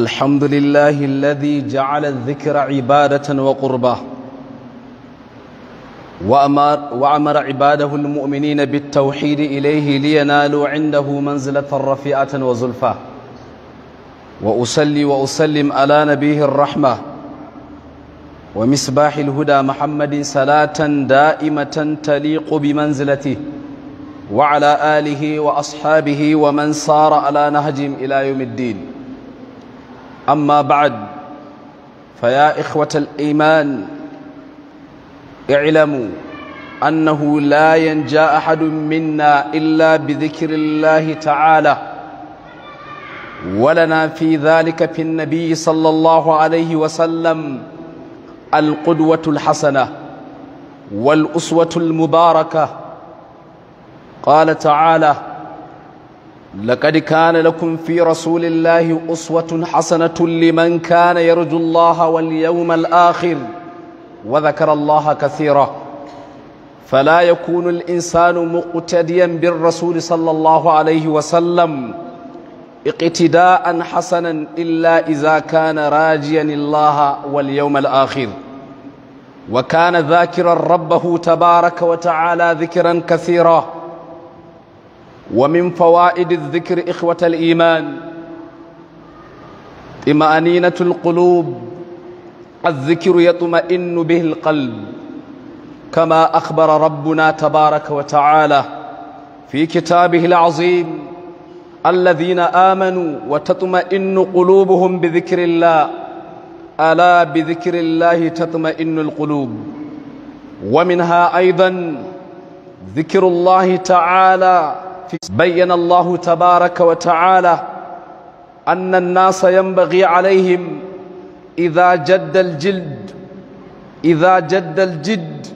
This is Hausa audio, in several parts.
الحمد لله الذي جعل الذكر عبادة وقربة وأمر, وأمر عباده المؤمنين بالتوحيد إليه لينالوا عنده منزلة رفيئة وزلفة وأسلي وأسلم على نبيه الرحمة ومصباح الهدى محمد صلاة دائمة تليق بمنزلته وعلى آله وأصحابه ومن سار على نهجهم إلى يوم الدين أما بعد فيا إخوة الإيمان اعلموا أنه لا ينجى أحد منا إلا بذكر الله تعالى ولنا في ذلك في النبي صلى الله عليه وسلم القدوة الحسنة والأسوة المباركة قال تعالى لقد كان لكم في رسول الله أسوة حسنة لمن كان يرجو الله واليوم الآخر وذكر الله كثيرا فلا يكون الإنسان مقتديا بالرسول صلى الله عليه وسلم اقتداء حسنا إلا إذا كان راجيا الله واليوم الآخر وكان ذاكرا ربه تبارك وتعالى ذكرا كثيرا ومن فوائد الذكر إخوة الإيمان طمأنينة القلوب الذكر يطمئن به القلب كما أخبر ربنا تبارك وتعالى في كتابه العظيم الذين آمنوا وتطمئن قلوبهم بذكر الله ألا بذكر الله تطمئن القلوب ومنها أيضا ذكر الله تعالى بين الله تبارك وتعالى أن الناس ينبغي عليهم إذا جد الجلد إذا جد الجد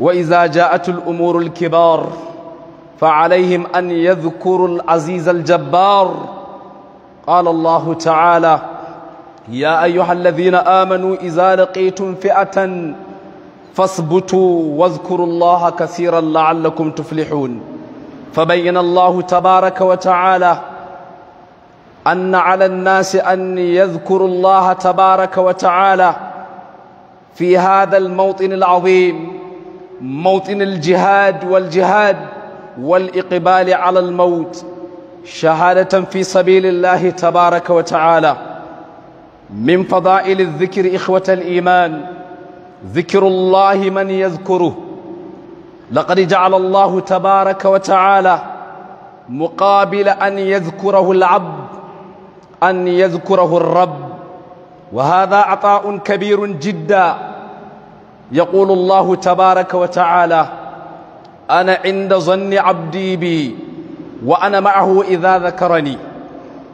وإذا جاءت الأمور الكبار فعليهم أن يذكروا العزيز الجبار قال الله تعالى يا أيها الذين آمنوا إذا لقيتم فئة فاثبتوا واذكروا الله كثيرا لعلكم تفلحون فبين الله تبارك وتعالى أن على الناس أن يذكروا الله تبارك وتعالى في هذا الموطن العظيم موطن الجهاد والجهاد والإقبال على الموت شهادة في سبيل الله تبارك وتعالى من فضائل الذكر إخوة الإيمان ذكر الله من يذكره لقد جعل الله تبارك وتعالى مقابل أن يذكره العبد أن يذكره الرب وهذا عطاء كبير جدا يقول الله تبارك وتعالى أنا عند ظن عبدي بي وأنا معه إذا ذكرني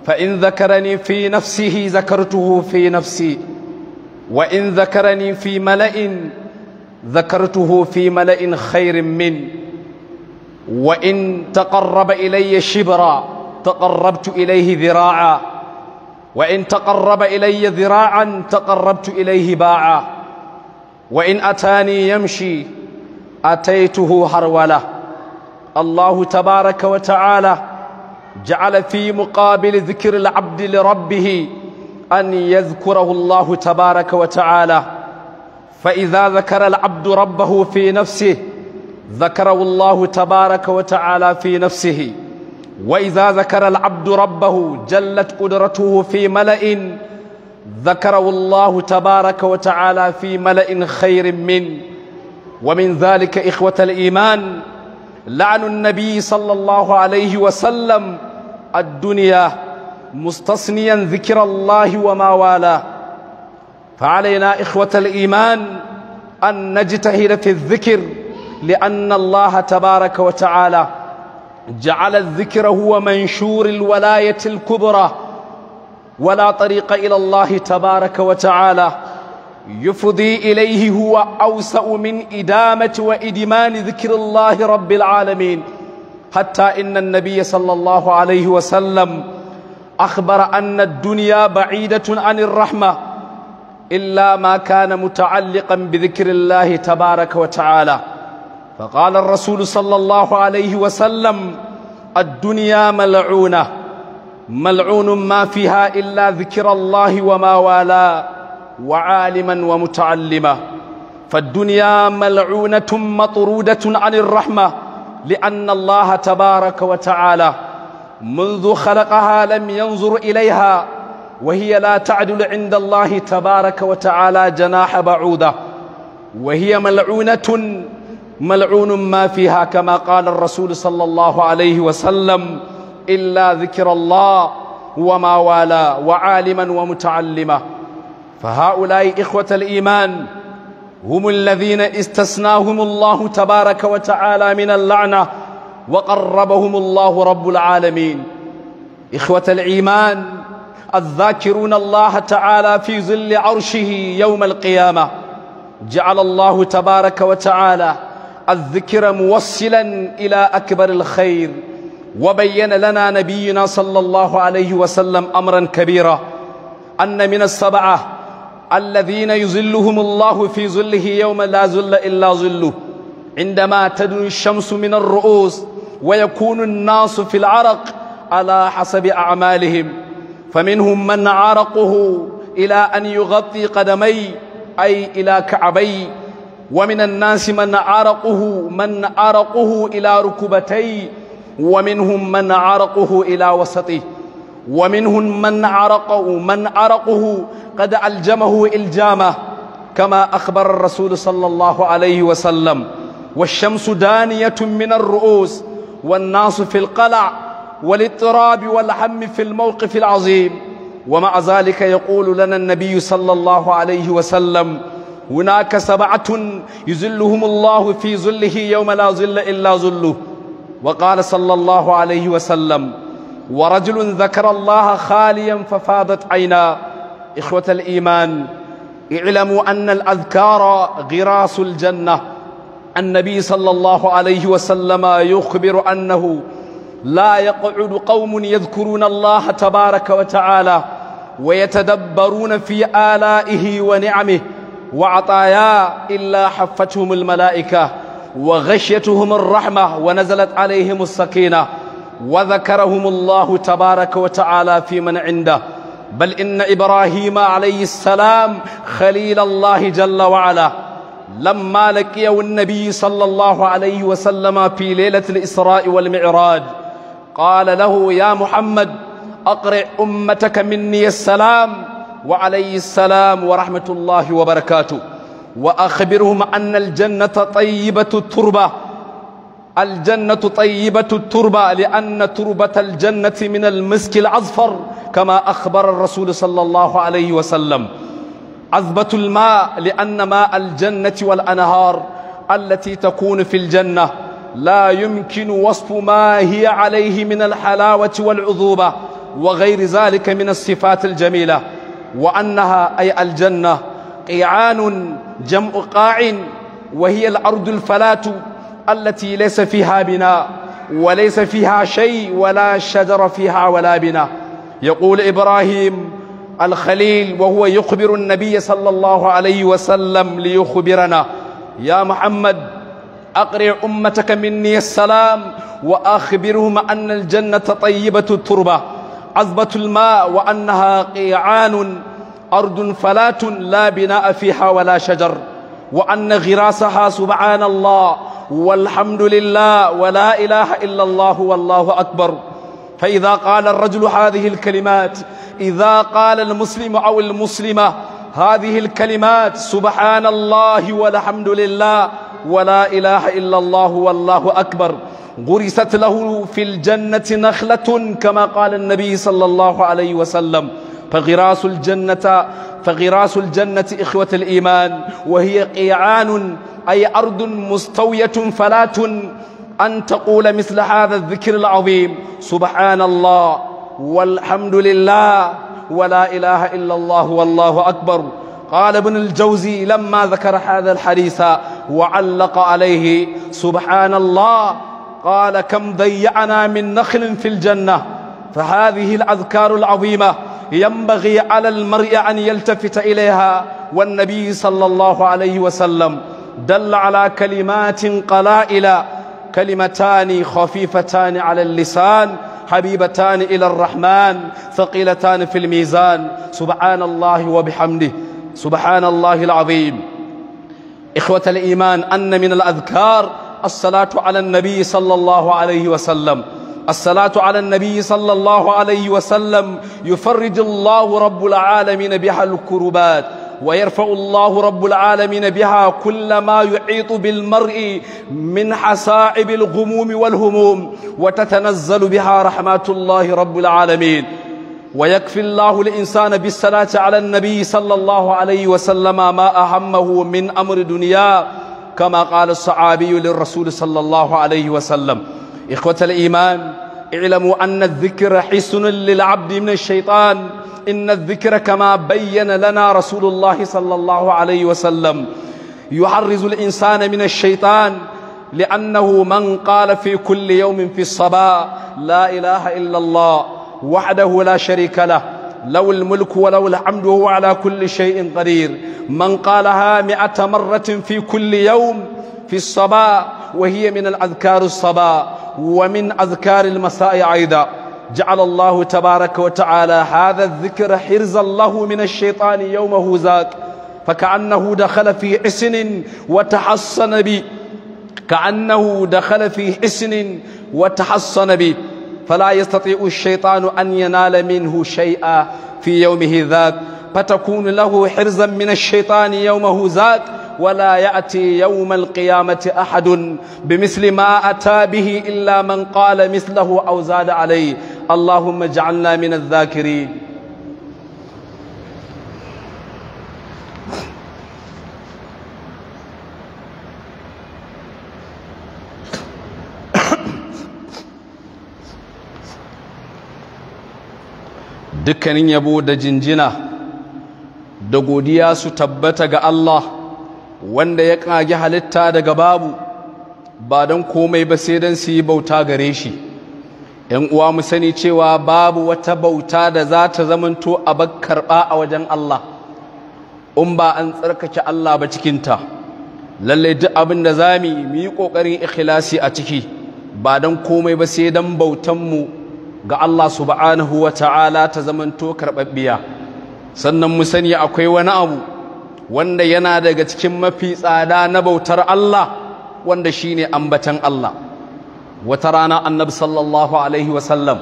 فإن ذكرني في نفسه ذكرته في نفسي وإن ذكرني في ملئ ذكرته في ملأ خير من وإن تقرب إلي شبرا تقربت إليه ذراعا وإن تقرب إلي ذراعا تقربت إليه باعا وإن أتاني يمشي أتيته هرولة الله تبارك وتعالى جعل في مقابل ذكر العبد لربه أن يذكره الله تبارك وتعالى فإذا ذكر العبد ربه في نفسه ذكره الله تبارك وتعالى في نفسه وإذا ذكر العبد ربه جلت قدرته في ملأ ذكره الله تبارك وتعالى في ملأ خير منه ومن ذلك إخوة الإيمان لعن النبي صلى الله عليه وسلم الدنيا مستصنيا ذكر الله وما والاه فعلينا إخوة الإيمان أن نجتهد في الذكر لأن الله تبارك وتعالى جعل الذكر هو منشور الولاية الكبرى ولا طريق إلى الله تبارك وتعالى يفضي إليه هو أوسع من إدامة وإدمان ذكر الله رب العالمين حتى إن النبي صلى الله عليه وسلم أخبر أن الدنيا بعيدة عن الرحمة إلا ما كان متعلقا بذكر الله تبارك وتعالى فقال الرسول صلى الله عليه وسلم الدنيا ملعونة ملعون ما فيها إلا ذكر الله وما والاه وعالما ومتعلما فالدنيا ملعونة مطرودة عن الرحمة لأن الله تبارك وتعالى منذ خلقها لم ينظر إليها وهي لا تعدل عند الله تبارك وتعالى جناح بعوضة وهي ملعونة ملعون ما فيها كما قال الرسول صلى الله عليه وسلم إلا ذكر الله وما والا وعالما ومتعلما فهؤلاء إخوة الإيمان هم الذين استثناهم الله تبارك وتعالى من اللعنة وقربهم الله رب العالمين إخوة الإيمان الذاكرون الله تعالى في ظل عرشه يوم القيامة جعل الله تبارك وتعالى الذكر موصلا إلى أكبر الخير وبين لنا نبينا صلى الله عليه وسلم أمرا كبيرا أن من السبعة الذين يظلهم الله في ظله يوم لا ظل إلا ظله عندما تدنو الشمس من الرؤوس ويكون الناس في العرق على حسب أعمالهم فمنهم من عرقه إلى أن يغطي قدمي أي إلى كعبي ومن الناس من عرقه من عرقه إلى ركبتي ومنهم من عرقه إلى وسطه ومنهم من عرقه من عرقه قد ألجمه إلجامه كما أخبر الرسول صلى الله عليه وسلم والشمس دانية من الرؤوس والناس في القلع والاضطراب والهم في الموقف العظيم ومع ذلك يقول لنا النبي صلى الله عليه وسلم هناك سبعة يزلهم الله في ظله يوم لا ظل إلا ظله وقال صلى الله عليه وسلم ورجل ذكر الله خاليا ففاضت عينا إخوة الإيمان اعلموا أن الأذكار غراس الجنة النبي صلى الله عليه وسلم يخبر أنه لا يقعد قوم يذكرون الله تبارك وتعالى ويتدبرون في آلائه ونعمه وعطاياه إلا حفتهم الملائكة وغشيتهم الرحمة ونزلت عليهم السكينة وذكرهم الله تبارك وتعالى في من عنده بل إن إبراهيم عليه السلام خليل الله جل وعلا لما لقيه النبي صلى الله عليه وسلم في ليلة الإسراء والمعراج قال له يا محمد أقرئ أمتك مني السلام وعليه السلام ورحمة الله وبركاته وأخبرهم أن الجنة طيبة التربة الجنة طيبة التربة لأن تربة الجنة من المسك الأصفر كما أخبر الرسول صلى الله عليه وسلم عذبة الماء لأن ماء الجنة والأنهار التي تكون في الجنة لا يمكن وصف ما هي عليه من الحلاوة والعذوبة وغير ذلك من الصفات الجميلة وأنها أي الجنة قيعان جمع قاع وهي الأرض الفلاة التي ليس فيها بناء وليس فيها شيء ولا شجر فيها ولا بناء يقول إبراهيم الخليل وهو يخبر النبي صلى الله عليه وسلم ليخبرنا يا محمد أقرع أمتك مني السلام وأخبرهم أن الجنة طيبة التربة عذبة الماء وأنها قيعان أرض فلات لا بناء فيها ولا شجر وأن غراسها سبحان الله والحمد لله ولا إله إلا الله والله أكبر فإذا قال الرجل هذه الكلمات إذا قال المسلم أو المسلمة هذه الكلمات سبحان الله والحمد لله ولا إله إلا الله والله أكبر غرست له في الجنة نخلة كما قال النبي صلى الله عليه وسلم فغراس الجنة فغراس الجنة إخوة الإيمان وهي قيعان أي أرض مستوية فلات أن تقول مثل هذا الذكر العظيم سبحان الله والحمد لله ولا إله إلا الله والله أكبر قال ابن الجوزي لما ذكر هذا الحديث وعلق عليه سبحان الله قال كم ضيعنا من نخل في الجنة فهذه الأذكار العظيمة ينبغي على المرء أن يلتفت إليها والنبي صلى الله عليه وسلم دل على كلمات قلائل كلمتان خفيفتان على اللسان حبيبتان إلى الرحمن ثقيلتان في الميزان سبحان الله وبحمده سبحان الله العظيم إخوة الإيمان أن من الأذكار الصلاة على النبي صلى الله عليه وسلم الصلاة على النبي صلى الله عليه وسلم يفرج الله رب العالمين بها الكربات ويرفع الله رب العالمين بها كل ما يحيط بالمرء من حصائب الغموم والهموم وتتنزل بها رحمات الله رب العالمين ويكفي الله الإنسان بالصلاة على النبي صلى الله عليه وسلم ما أهمه من أمر دنيا كما قال الصحابي للرسول صلى الله عليه وسلم إخوة الإيمان اعلموا أن الذكر حسن للعبد من الشيطان إن الذكر كما بين لنا رسول الله صلى الله عليه وسلم يحرز الإنسان من الشيطان لأنه من قال في كل يوم في الصباح لا إله إلا الله وحده لا شريك له له الملك وله الحمد وهو على كل شيء قدير من قالها مئة مرة في كل يوم في الصباء وهي من الأذكار الصباء ومن أذكار المساء أيضا جعل الله تبارك وتعالى هذا الذكر حرزا له من الشيطان يومه ذاك فكأنه دخل في حسن وتحصن به كأنه دخل في حسن وتحصن به فلا يستطيع الشيطان أن ينال منه شيئا في يومه ذاك فتكون له حرزا من الشيطان يومه ذاك ولا يأتي يوم القيامة أحد بمثل ما أتى به إلا من قال مثله أو زاد عليه اللهم اجعلنا من الذاكرين dukkanin yabo da jinjina da godiya su tabbata ga Allah wanda ya ƙage halitta daga babu ba don komai ba sai don su yi bauta gare shi ‘yan uwa mu sani cewa babu wata bauta da za ta zamanto a karɓa a wajen Allah in ba an tsarkake Allah ba cikinta lallai duk abin da za mu yi ƙoƙarin ikhlasi a ciki ba don komai ba sai don bautanmu ga Allah subhanahu wa ta'ala ta zamanto karɓaɓɓiya sannan mu sani akwai wani abu wanda yana daga cikin mafi tsada na bautar Allah wanda shine ambatan Allah wata rana annabi sallallahu alaihi wasallam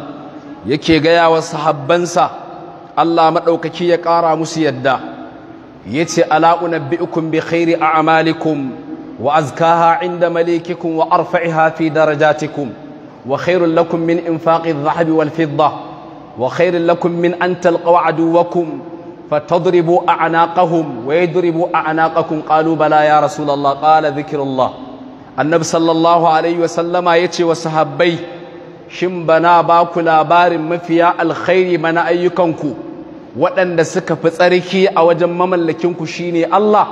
yake gaya wa sahabbansa Allah maɗaukaki ya ƙara musu yadda ya ce ala'u bi khairi a'malikum wa azkaha inda malikikum wa arfa'iha fi darajatikum وخير لكم من إنفاق الذهب والفضة وخير لكم من أن تلقوا عدوكم فتضربوا أعناقهم ويضربوا أعناقكم قالوا بلى يا رسول الله قال ذكر الله annabi sallallahu alaihi wasallama ya ce wa sahabbai shin bana ba ku labarin mafiya alkhairi mana ayyukanku waɗanda suka fi tsarki a wajen mamallakinku shine Allah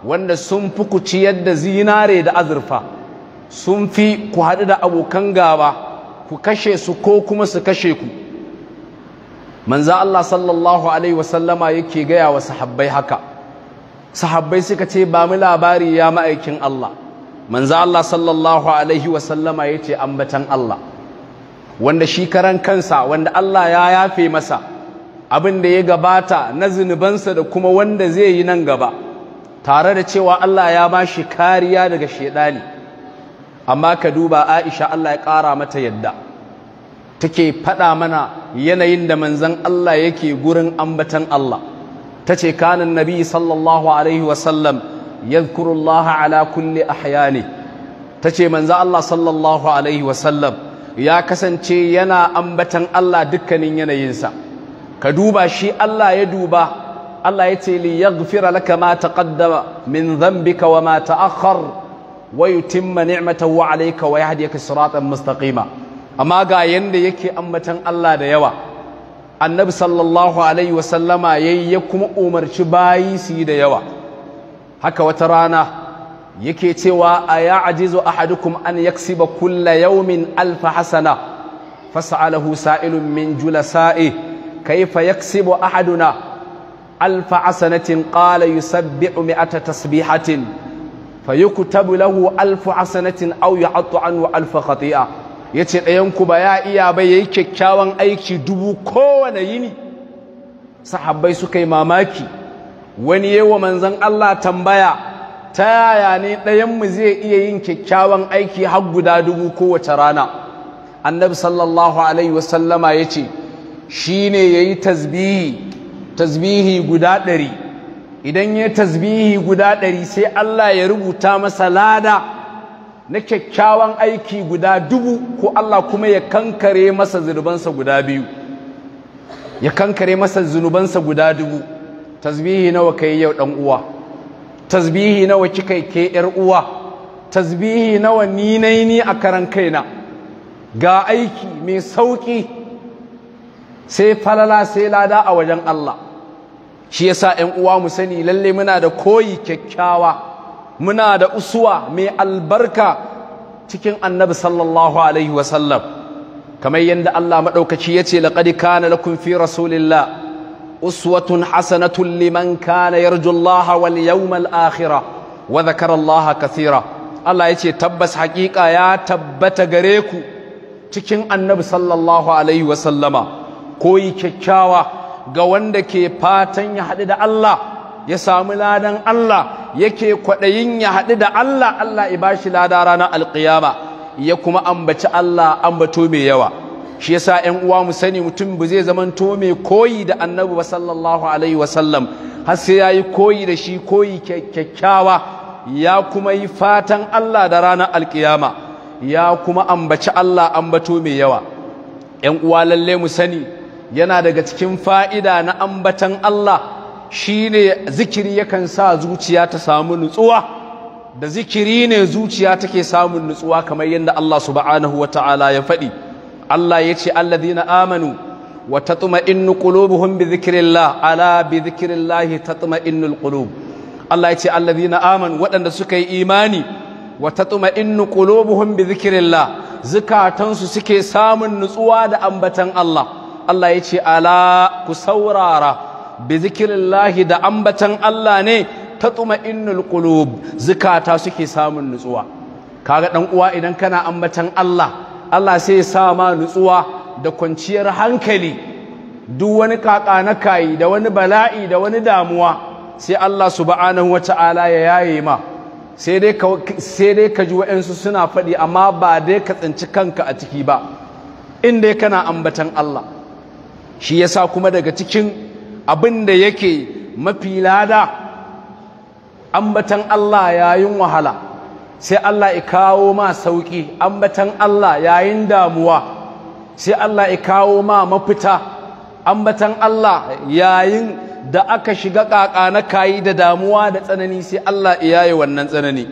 wanda sun fi ku ciyar da zinare da azurfa sun fi ku haɗu da abokan gaba ku kashe su ko kuma su kashe ku manza Allah sallallahu alaihi wasallama yake gaya wa sahabbai haka sahabbai suka ce ba mu labari ya ma'aikin Allah manza Allah sallallahu alaihi wasallama yace ambatan Allah wanda shi karan kansa wanda Allah ya yafe masa abin da ya gabata na zunubansa da kuma wanda zai yi nan gaba tare da cewa Allah ya ba shi kariya daga shaidani. amma ka duba Aisha Allah ya ƙara mata yadda take faɗa mana yanayin da manzon Allah yake gurin ambatan Allah tace kanan nabi sallallahu alaihi wasallam yadhkurullaha ala kulli ahyani tace manzon Allah sallallahu alaihi sallam ya kasance yana ambatan Allah dukkanin yanayinsa ka duba shi Allah ya duba Allah ya ce li yaghfira laka ma taqaddama min dhanbika wa ma ta'akhkhara wa yutimma ni'matahu alayka wa yahdiyaka siratan mustaqima amma ga yanda yake ambatan Allah da yawa annabi sallallahu alaihi wasallama, yayi ya kuma umarci bayi su yi da yawa haka wata rana yake cewa aya'jizu ahadukum an yaksiba kulla yawmin alf hasana fas'alahu sa'ilun min julasa'i kayfa yaksibu ahaduna alf hasanatin qala yusabbihu mi'ata tasbihatin fayuktabu lahu alfu hasanatin aw yu'attu anhu alfu khati'a yace ɗayan ku ba ya iya ba yayi kyakkyawan aiki dubu kowane yini sahabbai suka yi mamaki wani wa manzon Allah tambaya ta yaya ne ɗayan mu zai iya yin kyakkyawan aiki har guda dubu kowace rana annabi sallallahu alaihi wasallama ne shine yayi tasbihi tasbihi guda ɗari idan ya tasbihi guda ɗari sai Allah ya rubuta masa lada na kyakkyawan aiki guda dubu ko Allah kuma ya kankare masa zunubansa guda biyu ya kankare masa zunubansa guda dubu tasbihi nawa kai yau dan uwa tasbihi nawa kika ke yar uwa tasbihi nawa ni ni a karan kaina ga aiki mai sauki sai falala sai lada a wajen Allah shi yasa 'yan uwa mu sani lalle muna da koyi kyakkyawa muna da usuwa mai albarka cikin annabi sallallahu alaihi wasallam kamar yadda Allah maɗaukaci ya ce laƙadi kana lakum fi rasulillah uswatun hasanatun liman kana yarju Allah wal yawmal akhirah wa dhakara Allah kathira Allah ya ce tabbas haƙiƙa ya tabbata gare ku cikin annabi sallallahu alaihi wasallama koyi kyakkyawa ga wanda ke fatan ya haɗu da Allah ya samu ladan Allah yake kwaɗayin ya haɗu da Allah Allah ya bashi lada ranar alƙiyama ya kuma ambaci Allah ambato mai yawa shi yasa 'yan uwa mu sani mutum ba zai zamanto mai koyi da annabi ba sallallahu alaihi wasallam har sai yayi koyi da shi koyi kyakkyawa ya kuma yi fatan Allah da ranar alƙiyama ya kuma ambaci Allah ambato mai yawa 'yan uwa lalle mu sani yana daga cikin fa'ida na ambatan Allah Shi ne zikiri yakan sa zuciya ta samu nutsuwa da zikiri ne zuciya take samun nutsuwa kamar yadda Allah subhanahu wata'ala ya faɗi Allah ya ce alladhina amanu wa tatma'innu qulubuhum bi dhikrillah ala bi ta dhikrillah tatma'innul qulub Allah ya ce alladhina amanu waɗanda suka yi imani wa tatma'innu qulubuhum bi dhikrillah zukatansu suke samun nutsuwa da ambatan Allah Allah ya ce ala ku saurara bi zikirillahi da ambatan Allah ne ta tsuma innul qulub zukata suke samun nutsuwa kaga dan uwa idan kana ambatan Allah Allah sai ya sa ma nutsuwa da kwanciyar hankali duk wani kaka na kayi da wani bala'i da wani damuwa sai Allah subhanahu wata'ala ya yaye ma sai dai ka sai dai ka ji wa'ansu suna faɗi amma ba dai ka tsinci kanka a ciki ba inda kana ambatan Allah shi ya sa kuma daga cikin abin da yake mafi lada ambatan Allah yayin wahala sai Allah ya kawo ma sauki ambatan Allah yayin damuwa sai Allah ya kawo ma mafita ambatan Allah yayin da aka shiga kaka na kayi da damuwa da tsanani sai Allah ya yaye wannan tsanani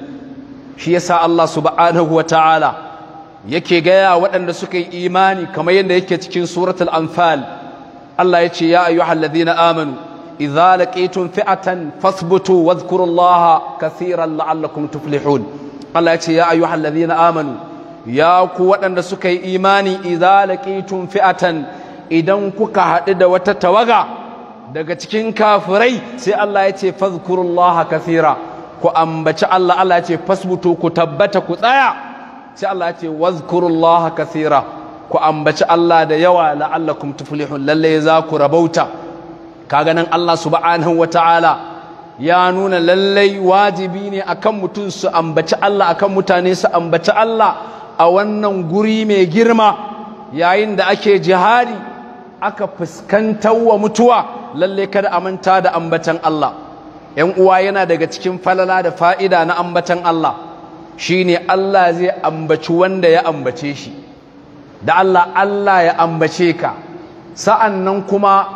shi ya sa Allah subhanahu ta'ala yake gaya waɗanda suka yi imani kamar yadda yake cikin suratul anfal Allah ya ce ya ayyuhal ladina amanu idza laqitum fi'atan fasbutu wadhkurullaha kaseeran la'allakum tuflihun Allah ya ce ya ayyuhal ladina amanu ya ku waɗanda suka yi imani idza laqitum fi'atan idan kuka hadu da wata tawaga daga cikin kafirai sai Allah ya ce fadhkurullaha kaseera ku ambaci Allah Allah ya ce fasbutu ku tabbata ku tsaya sai Allah ya ce wadhkurullaha kaseera ku ambaci Allah da yawa la'allakum tuflihun lalle za ku rabauta kaga nan Allah subhanahu wataala ya nuna lalle wajibi ne akan mutum su ambaci Allah akan mutane su ambaci Allah a wannan guri mai girma yayin da ake jihadi aka fuskantar wa mutuwa lalle kada a manta da ambatan Allah ‘yan uwa yana daga cikin falala da fa'ida na ambatan Allah shine Allah zai ambaci wanda ya ambace shi da Allah Allah ya ambace ka sa'an nan kuma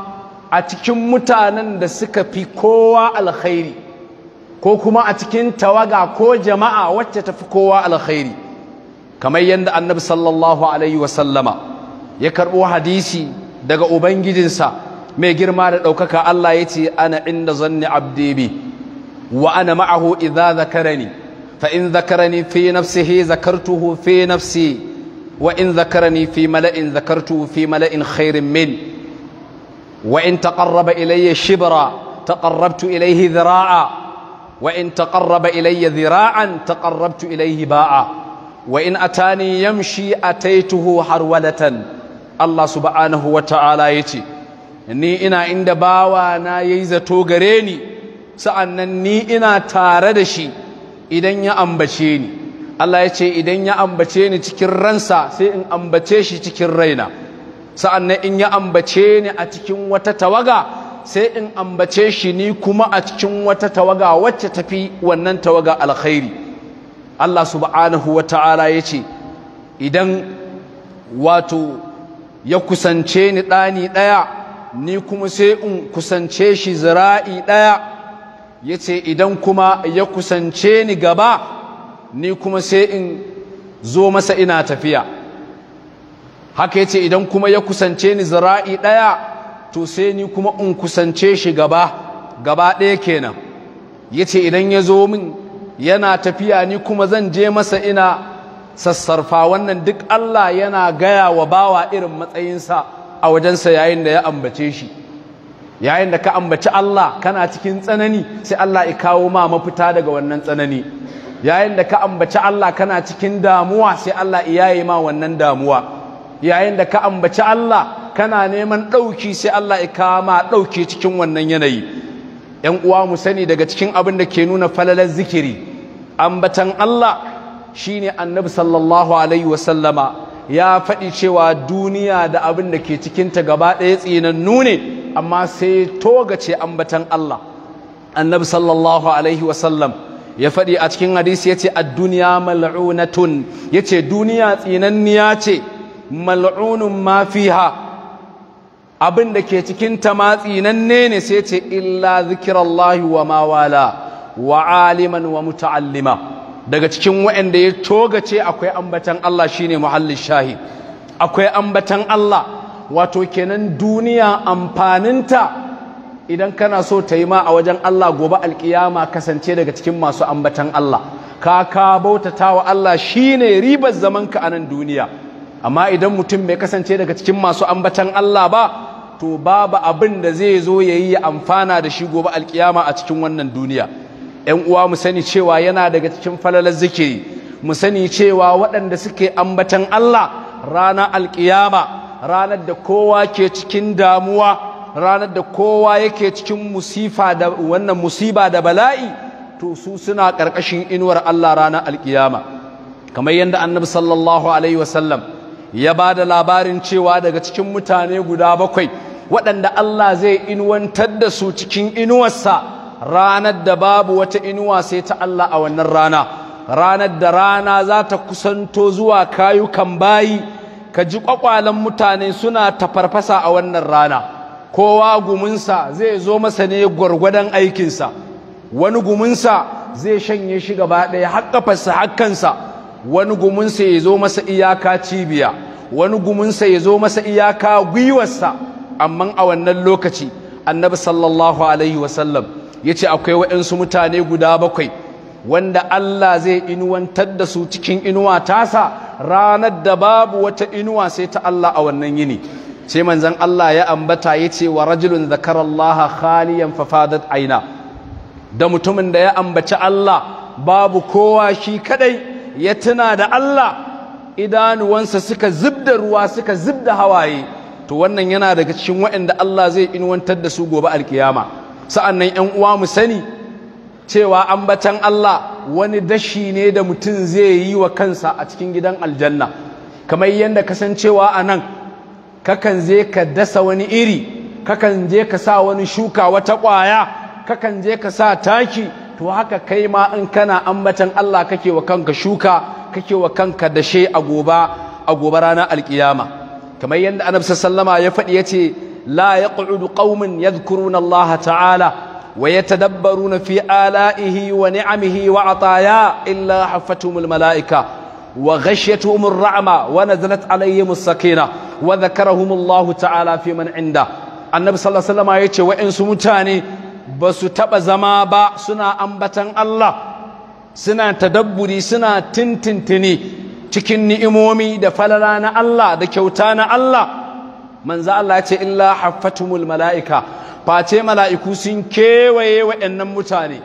a cikin mutanen da suka fi kowa alkhairi ko kuma a cikin tawaga ko jama'a wacce tafi kowa alkhairi kamar yadda annabi sallallahu alaihi wasallama ya karɓo hadisi daga ubangijinsa mai girma da ɗaukaka Allah ya ce ana inda zanni abdi bi wa ana ma'ahu idza zakarani fa in zakarani fi nafsihi zakartuhu fi nafsi وإن ذكرني في ملأ ذكرته في ملأ خير من وإن تقرب إلي شبرا تقربت إليه ذراعا وإن تقرب إلي ذراعا تقربت إليه باعا وإن أتاني يمشي أتيته حرولة الله سبحانه وتعالى يتي ni ina inda bawa na yayi zato gare ni sa'annan ni ina tare da shi idan ya ambace ni Allah ya ce idan ya ambace ni cikin ransa sai in ambace shi cikin raina sa'an sa'annan in ya ambace ni a cikin wata tawaga sai in ambace shi ni kuma a cikin wata tawaga wacce tafi wannan tawaga alkhairi Allah subhanahu ta'ala ya ce idan wato ya kusance ni ɗani ɗaya ni kuma sai in kusance shi zira'i ɗaya ya ce idan kuma ya kusance ni gaba ni kuma sai in zo masa ina tafiya haka yace idan kuma ya kusance ni zira'i daya to sai ni kuma in kusance shi gaba gaba daya kenan yace idan ya zo min yana tafiya ni kuma zan je masa ina sassarfa wannan duk Allah yana gaya wa bawa irin matsayinsa a wajensa yayin da ya ambace shi yayin da ka ambaci Allah kana cikin tsanani sai Allah ya kawo ma mafita daga wannan tsanani yayin da ka ambaci Allah kana cikin damuwa sai Allah yi ma wannan damuwa yayin da ka ambaci Allah kana neman ɗauki sai Allah ya ma ɗauki cikin wannan yanayi ‘yan uwa mu sani daga cikin abin da ke nuna falalar zikiri ambatan Allah shine annabi sallallahu alaihi wasallama ya faɗi cewa duniya da abin da ke cikinta gaba ɗaya tsinannu ne amma sai togace ambatan Allah annabi sallallahu alaihi wasallam ya faɗi a cikin hadisi yace ad-dunya mal'unatun yace duniya tsinanniya ce mal'unun ma ha. abin da ke cikin ta ma tsinanne ne sai ce illa zikirallahi wa mawala wa aliman wa muta'allima daga cikin waɗanda ya ce akwai ambatan Allah shine muhallin shahi. akwai ambatan Allah wato kenan duniya amfaninta idan kana so ta yi ma a wajen Allah gobe alkiyama kasance daga cikin masu ambatan Allah ka ka bautata wa Allah shine ribar zamanka a nan duniya amma idan mutum bai kasance daga cikin masu ambatan Allah ba to babu abin da zai zo ya yi amfana da shi gobe alkiyama a cikin wannan duniya ‘yan uwa mu sani cewa yana daga cikin falalar zikiri mu sani cewa waɗanda suke ambatan Allah rana alkiyama ranar da kowa ke cikin damuwa ranar da kowa yake cikin musifa da wannan musiba da bala'i to su suna ƙarƙashin inuwar Allah ranar alƙiyama kamar yadda annabi sallallahu alaihi wasallam ya ba da labarin cewa daga cikin mutane guda bakwai waɗanda Allah zai inuwantar da su cikin inuwarsa ranar da babu wata inuwa sai ta Allah a wannan rana ranar da rana za ta kusanto zuwa kayukan bayi ka ji ƙwaƙwalen mutane suna tafarfasa a wannan rana kowa gumunsa zai zo masa ne gwargwadon aikinsa wani guminsa zai shanye shi gaba ɗaya haƙƙafarsa haƙƙansa wani guminsa ya zo masa iyaka cibiya wani guminsa ya zo masa iyaka gwiwarsa amma a wannan lokaci annabi sallallahu alaihi wasallam ya ce akwai waɗansu mutane guda bakwai wanda Allah zai inuwantar da su cikin inuwa tasa ranar da babu wata inuwa sai ta Allah a wannan yini sai manzan Allah ya ambata ya ce wa rajulun Allah khaliyan fafadat aina da mutumin da ya ambaci Allah babu kowa shi kadai ya tuna da Allah idanuwansa suka zubda ruwa suka zubda hawaye to wannan yana daga cikin waɗanda Allah zai inuwantar da su gobe alkiyama sa'annan 'yan uwa mu sani cewa ambatan Allah wani dashi ne da mutum zai yi wa kansa a cikin gidan aljanna kamar yadda kasancewa a nan kakan je ka dasa wani iri kakan je ka sa wani shuka wata ƙwaya kakan je ka sa taki to haka kai ma in kana ambatan Allah kake wa kanka shuka kake wa kanka dashe a goba a gobe ranar alkiyama kamar yadda annabi sallama ya faɗi yace la yaq'udu qaumun yadhkuruna Allah ta'ala wa yatadabbaruna fi ala'ihi wa ni'amihi wa ataya illa haffatuhumul malaika wa ghashiyatuhumur rahma wa nazalat alayhimus sakinah wa zakarahumullahu ta'ala fi man inda annabi sallallahu alaihi wasallam yace wa'insu mutane ba su taba zama ba suna ambatan Allah suna tadabburi suna tintintini cikin ni'imomi da falala na Allah da kyauta na Allah manzo Allah yace illa haffatumul malaika face mala'iku sun kewaye wa'annan mutane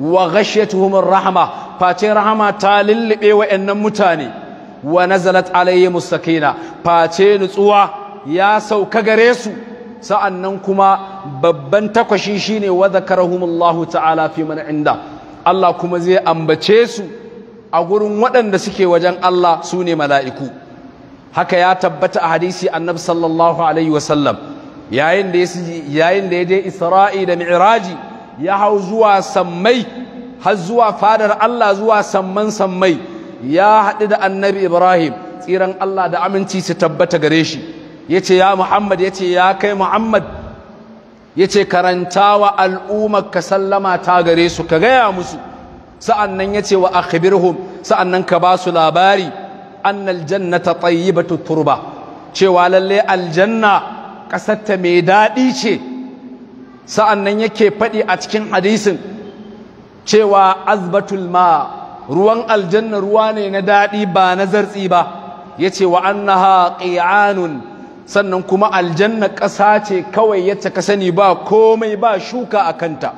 wa ghashiyatuhumur rahma face rahama ta lullube wa'annan mutane wa nazalat alayhimus sakina face nutsuwa ya sauka gare su sa'annan kuma babban takwashi shine wa zakarahumullahu ta'ala fi man inda Allah kuma zai ambace su a gurin waɗanda suke wajen Allah su ne mala'iku haka ya tabbata a hadisi annabi sallallahu alaihi wasallam yayin da yayin da ya je Isra'i da Mi'raji ya hau zuwa sammai har zuwa fadar Allah zuwa samman sammai ya haɗu da annabi ibrahim tsiran allah da aminci su tabbata gare shi ya ce ya muhammad ya ce ya kai muhammad ya ce karanta wa al'ummar ka sallama ta gare su ka gaya musu sa'an nan ya ce wa akhbirhum sa'an nan ka ba su labari annal jannata tayyibatu turba cewa lalle aljanna ƙasarta mai daɗi ce sa'an nan yake faɗi a cikin hadisin cewa azbatul ma ruwan aljanna ruwa ne na daɗi ba na zartsi ba ya ce wa annaha qi'anun sannan kuma aljanna ƙasa ce kawai yacce ka sani ba komai ba shuka a kanta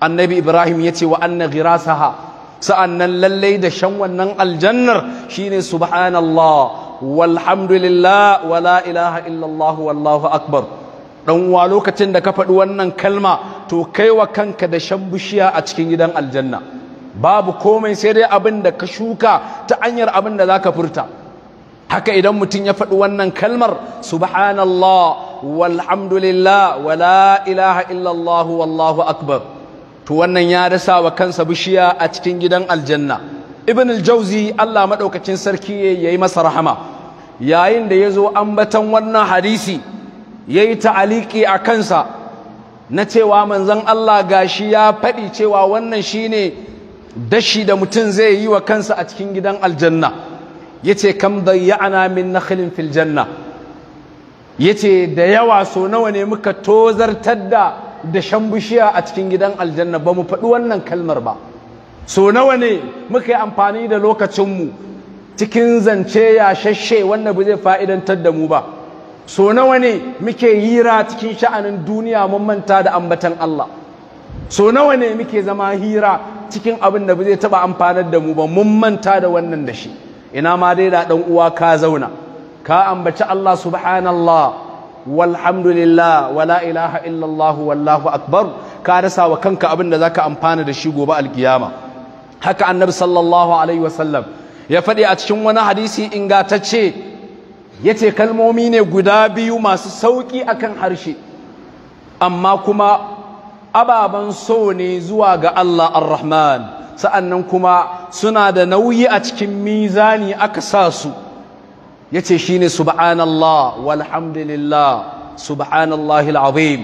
annabi ibrahim ya ce wa anna ghirasaha sa'annan lallai da shan wannan aljannar shine subhanallah walhamdulillah wala ilaha illallah wallahu akbar dan uwa lokacin da ka faɗi wannan kalma to kaiwa kanka da shan bishiya a cikin gidan aljanna babu komai sai dai abin da ka shuka ta hanyar abin da zaka furta haka idan mutum ya faɗi wannan kalmar subhanallah walhamdulillah wala ilaha illallah wallahu akbar to wannan ya rasa wa kansa bishiya a cikin gidan aljanna ibn al Allah madaukakin sarki yayi masa rahama yayin da ya zo ambatan wannan hadisi ya yi ta'aliki a kansa na cewa manzan Allah gashi ya faɗi cewa wannan shi ne dashi da mutum zai yi wa kansa a cikin gidan aljanna yace kam dayya'na min nakhlin fil janna yace da yawa so nawa ne muka tozartar da dashen bishiya a cikin gidan aljanna ba mu faɗi wannan kalmar ba so nawa ne muka yi amfani da lokacinmu cikin zance yashashe wanda ba zai fa'idantar da mu ba so nawa ne muke hira cikin sha'anin duniya mun manta da ambatan Allah so nawa ne muke zama hira cikin abin da ba zai taba amfanar da mu ba mun manta da wannan da shi ina ma dai da dan uwa ka zauna ka ambaci Allah subhanallah walhamdulillah wala ilaha illallah wallahu akbar ka rasa wa kanka abin da zaka amfana da shi gobe alkiyama haka annabi sallallahu alaihi wasallam ya faɗi a cikin wani hadisi ingatacce yace kalmomi ne guda biyu masu sauki akan harshe amma kuma ababen so ne zuwa ga Allah ar-Rahman sa'annan kuma suna da nauyi a cikin mizani aka sa su yace shine subhanallah walhamdulillah subhanallahil azim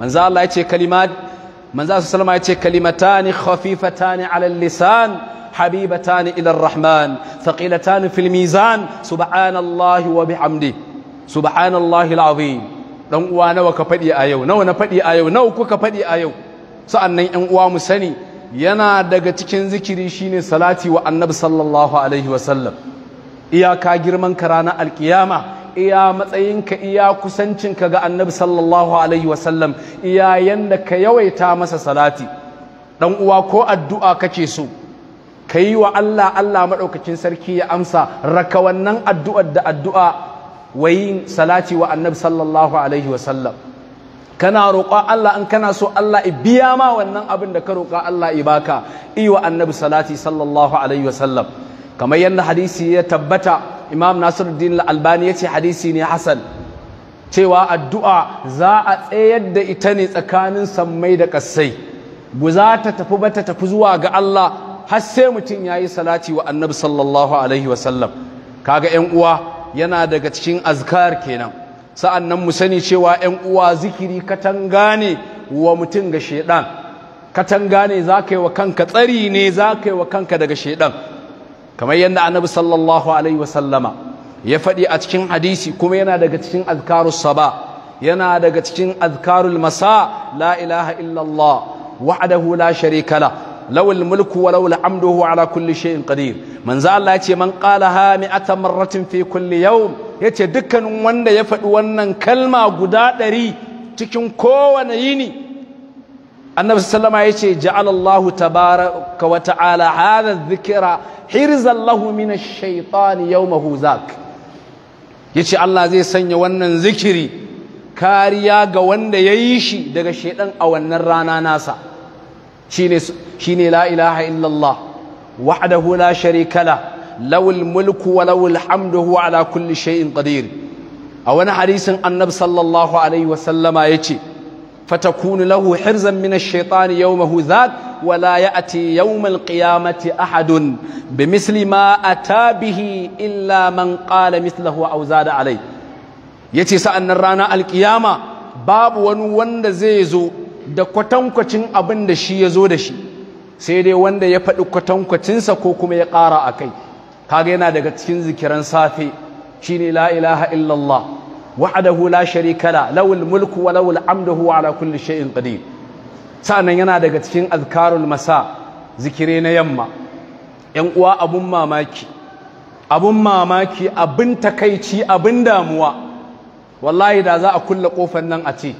manzo Allah yace kalimat manzo sallama yace kalimatani khafifatani ala lisan habibatani ila ar-rahman thaqilatani fil mizan subhanallahi wa bihamdi subhanallahil azim dan uwa nawa ka faɗi a yau nawa na faɗi a yau nawa kuka faɗi a yau sa'annan 'yan uwa mu sani yana daga cikin zikiri shine salati wa annabi sallallahu alaihi wasallam iyaka girman ka ranar alkiyama iya matsayinka iya kusancinka ga annabi sallallahu alaihi wasallam iya yanda ka yawaita masa salati dan uwa ko addu'a kake so ka yi wa Allah Allah maɗaukacin sarki ya amsa raka wannan addu'ar da addu'a wai salati wa annabi sallallahu alaihi sallam? kana roƙa Allah in kana so Allah i biya ma wannan abin da ka roƙa Allah i baka i annabi salati sallallahu alaihi sallam. kamar yadda hadisi ya tabbata imam nasiruddin al-albani yace hadisi ne hasan cewa addu'a za a tsayar da ita ne tsakanin sammai da ƙasai guza ta tafi ba ta tafi zuwa ga Allah har sai mutum ya yi salati wa annabi sallallahu alaihi wasallam kaga 'yan uwa yana daga cikin azkar kenan sa'an nan mu sani cewa ‘yan uwa zikiri katanga ne wa mutum ga shaidan katanga ne za yi wa kanka tsari ne za yi wa kanka daga shaiɗan. kamar yadda annabi sallallahu alaihi wasallama ya faɗi a cikin hadisi kuma yana daga cikin azkarus saba yana daga cikin azkarul masa la ilaha illallah wahdahu la sharika la lawal mulku wa lawal amduhu ala kulli shay'in qadir manzo Allah yace man qala ha mi'ata marratin fi kulli yawm yace dukkanin wanda ya faɗi wannan kalma guda ɗari cikin kowane yini annabi sallama yace ja'ala Allahu tabaraka wa ta'ala hadha dhikra hirzan lahu min ash-shaytan yawmahu zak yace Allah zai sanya wannan zikiri kariya ga wanda yayi shi daga shedan a wannan rana nasa shine la ilaha illallah wahdahu la sharika la lawul mulku wa lawul hamdu ala kulli shay'in qadir a wani hadisin annab sallallahu alaihi wa sallama yace fatakunu lahu hirzan min ash-shaytan yawmahu dhat wa la ya'ti yawm al-qiyamati ahadun bimithli ma ata bihi illa man qala mithlahu aw zada alayhi yace sa'annan rana al-qiyama babu wani wanda zai zo da kwatankwacin abin da shi ya zo da shi sai dai wanda ya faɗi kwatankwacinsa ko kuma ya ƙara a kai kaga yana daga cikin zikiran safe shine la ilaha illallah wahdahu la sharika la lawul mulku wa lawul amdu ala kulli shay'in qadir sa'annan yana daga cikin azkarul masa zikire na yamma yan uwa abun mamaki abun mamaki abin takaici abin damuwa wallahi da za a kulle kofar nan a ce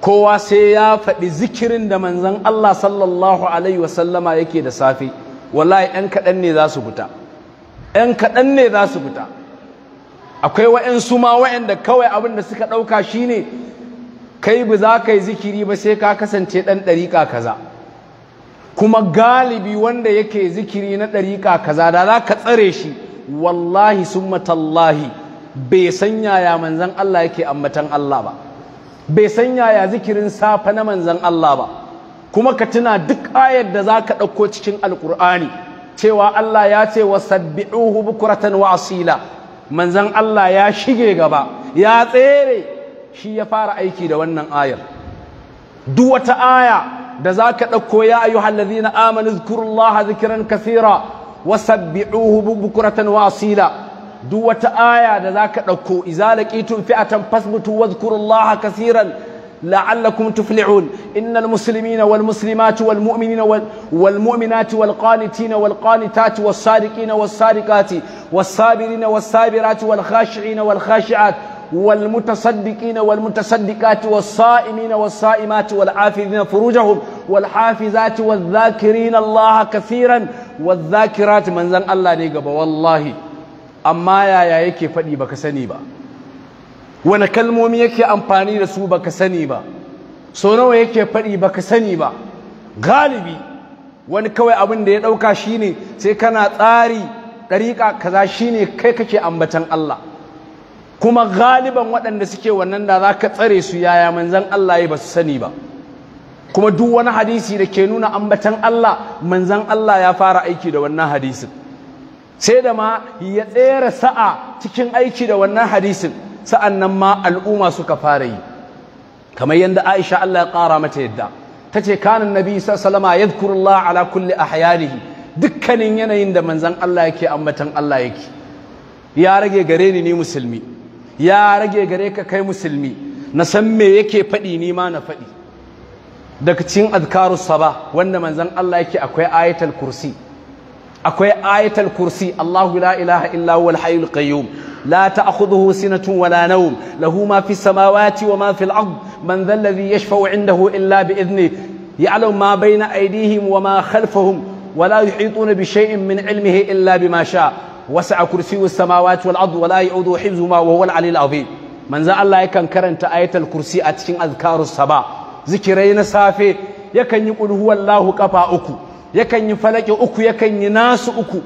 kowa sai ya faɗi zikirin da manzan Allah sallallahu alaihi wasallama yake da safe wallahi yan kaɗan ne za su fita Yan kaɗan ne za su fita akwai wa'yansu ma wa'yanda kawai abin da suka ɗauka shine kai ba za ka yi zikiri ba sai ka kasance ɗan ɗariƙa kaza kuma galibi wanda yake zikiri na ɗariƙa kaza da za ka tsare shi wallahi sun matallahi bai san yaya manzan Allah yake ambatan Allah ba bai san yaya zikirin safa na manzan Allah ba kuma ka tuna duk ayar da za ka ɗauko cikin alkur'ani cewa Allah ya ce wa sabbi'uhu wa asila manzan Allah ya shige gaba ya tsere shi ya fara aiki da wannan ayar duk wata aya da za ka ɗauko ya ayyuhal ladhina amanu zkurullaha zikran kathira wa sabbi'uhu wa asila duk wata aya da zaka ɗauko idza laqitum fi'atan fasbutu wadhkurullaha kasiran la'allakum tuflihun innal muslimina wal muslimati wal mu'minina wal mu'minati wal qanitina wal qanitati was sadiqina was sadiqati was sabirina was sabirati wal khashi'ina wal khashi'ati والمتصدقين والمتصدقات والصائمين والصائمات والعافذين فروجهم والحافظات والذاكرين الله كثيرا والذاكرات من زن الله نيقب والله amma yaya yake faɗi baka sani ba wani kalmomi yake amfani da su baka sani ba so nawa yake faɗi baka sani ba galibi wani kawai abin da ya ɗauka shine sai kana tsari ɗariƙa kaza shine kai kake ambatan Allah kuma galiban waɗanda suke wannan da za ka tsare su yaya manzan Allah ya ba su sani ba kuma duk wani hadisi da ke nuna ambatan Allah manzan Allah ya fara aiki da wannan hadisin sai da ma ya tsere sa'a cikin aiki da wannan hadisin sa'an nan ma al'umma suka fara yi kamar yadda Aisha Allah ya ƙara mata yadda ta ce kanin nabi sallama ya Allah ala kulli ahyanihi dukkanin yanayin da manzan Allah yake ambatan Allah yake ya rage gare ni ni musulmi ya rage gare ka kai musulmi na san me yake faɗi ni ma na faɗi daga cikin azkarus saba wanda manzan Allah yake akwai ayatul kursi akwai ayatul kursi Allahu la ilaha illa huwal hayyul qayyum la ta'khudhuhu sinatun wala nawm lahu ma fis samawati wama fil ard man dhal ladhi yashfa'u 'indahu illa bi idhnihi ya'lamu ma bayna aydihim wama khalfahum wala yuhituna bi shay'in min 'ilmihi illa bima sha'a wasa'a kursiyyu samawati wal ard wala ya'udhu hifzuhuma wa huwal 'aliyyul 'azhim man za Allah yakan karanta ayatul kursi a cikin azkarus sabah zikirai na safe yakan yi qul huwallahu qafa uku yakan yi falaki uku yakan yi nasu uku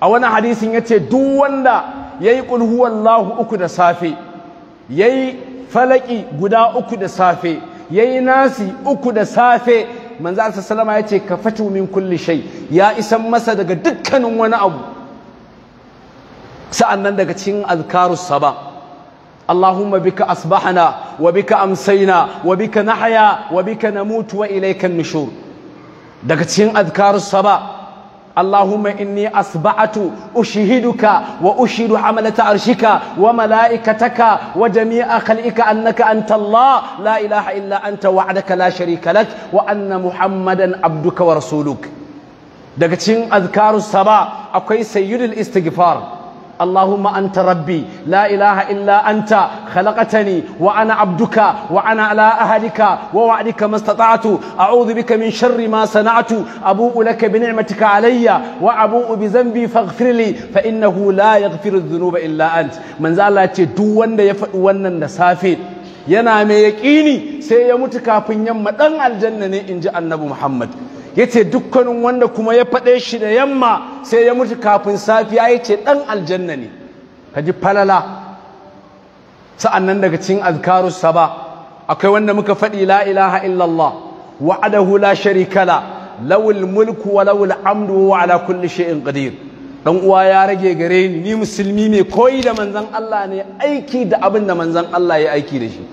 a wani hadisin yace duk wanda yayi yi huwallahu uku da safe yayi falaƙi guda uku da safe yayi nasi uku da safe manzo Allah sallama yace ka fatu min kulli shay ya isan masa daga dukkanin wani abu sa'annan daga cikin azkarus sabah اللهم بك أصبحنا وبك أمسينا وبك نحيا وبك نموت وإليك النشور daga cikin azkarus saba Allahumma inni asba'atu ushihiduka wa ushidu hamalata arshika wa malaikataka wa jami'a khalika annaka anta la ilaha illa anta wa'adaka la sharika lak wa anna Muhammadan abduka wa rasuluk daga cikin azkarus saba akwai sayyidul istighfar اللهم أنت ربي لا إله إلا أنت خلقتني وأنا عبدك وأنا على أهلك ووعدك ما استطعت أعوذ بك من شر ما صنعت أبوء لك بنعمتك علي وأبوء بذنبي فاغفر لي فإنه لا يغفر الذنوب إلا أنت من زال الله دو وند يفد وند سافي yana mai yaƙini sai ya mutu kafin yamma ɗan aljanna ne in ji annabi Muhammad yace dukkanin wanda kuma ya faɗe shi da yamma sai ya mutu kafin safiya yace ɗan aljanna ne Ka ji falala sa'annan daga cikin azkarus ba. akwai wanda muka faɗi la ilaha illallah wa'adahu la sharikala la lawul mulku wa lawul amdu wa ala kulli shay'in qadir Ɗan uwa ya rage gare ni ni musulmi ne koyi da manzon Allah ne aiki da abin da manzon Allah ya aiki da shi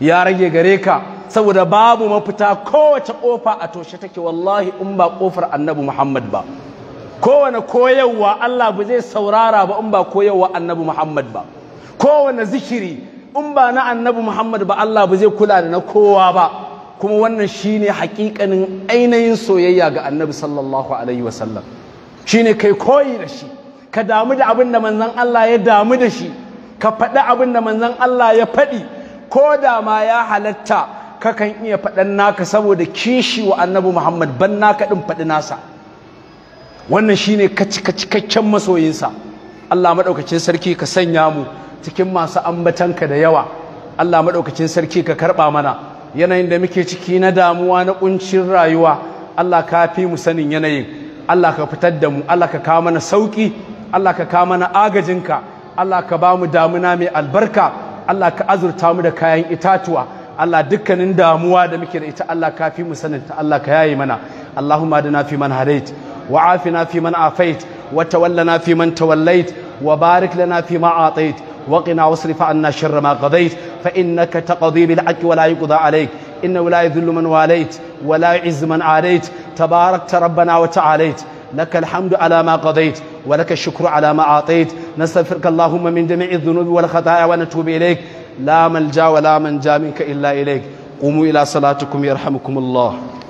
ya rage gare ka saboda babu mafita kowace kofa a toshe take wallahi in ba kofar annabi Muhammad ba kowane koyarwa Allah ba zai saurara ba in ba koyarwa annabi Muhammad ba kowane zikiri in ba na annabi Muhammad ba Allah ba zai kula da na kowa ba kuma wannan shine hakikanin ainihin soyayya ga annabi sallallahu alaihi wasallam shine kai koyi da shi ka damu da abin da manzon Allah ya damu da shi ka faɗi abin da manzon Allah ya faɗi ko da ma ya halatta kakan iya faɗan naka saboda kishi wa annabi muhammad ban naka ɗin faɗi nasa wannan shine kacikacikakken masoyinsa allah maɗaukacin sarki ka sanya mu cikin masu ambatanka da yawa allah maɗaukacin sarki ka karɓa mana yanayin da muke ciki na damuwa na ƙuncin rayuwa allah ka fi mu sanin yanayin allah ka fitar da mu allah ka kawo mana sauƙi allah ka kawo mana agajinka allah ka ba mu damuna mai albarka allah ka azurta mu da kayan itatuwa Allah dukkanin damuwa da muke da ita Allah ka fi mu saninta Allah ka yaye mana Allahumma adina fi man hadait wa afina fi man afait wa tawallana fi man tawallait wa barik lana fi ma atait wa qina wasrif anna sharra ma qadait fa innaka taqdi bil haqqi wa la yuqda alayk innahu la yadhillu man walayt wa la yu'izzu man adait tabarakta rabbana wa ta'alait لك الحمد على ما قضيت ولك الشكر على ما أعطيت نستغفرك اللهم من جميع الذنوب والخطايا ونتوب إليك la malja wa la manja minka illa ilaik qumu ila salatukum yarhamukumullah